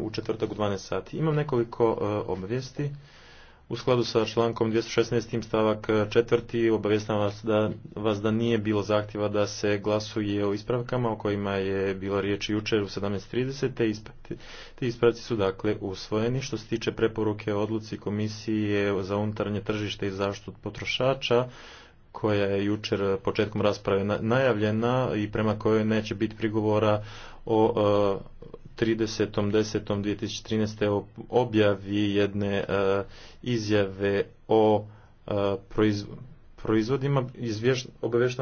u četvrtak u 12 sati. Imam nekoliko e, obavijesti. U skladu sa člankom 216. stavak 4. obavijestam vas da, vas da nije bilo zahtjeva da se glasuje o ispravkama o kojima je bila riječ jučer u 17.30. Te ispravci, te ispravci su dakle usvojeni. Što se tiče preporuke odluci komisije za unutarnje tržište i zaštitu potrošača, koja je jučer početkom rasprave najavljena i prema kojoj neće biti prigovora o e, 30.10.2013. objavi jedne e, izjave o e, proizvodima, izvješ,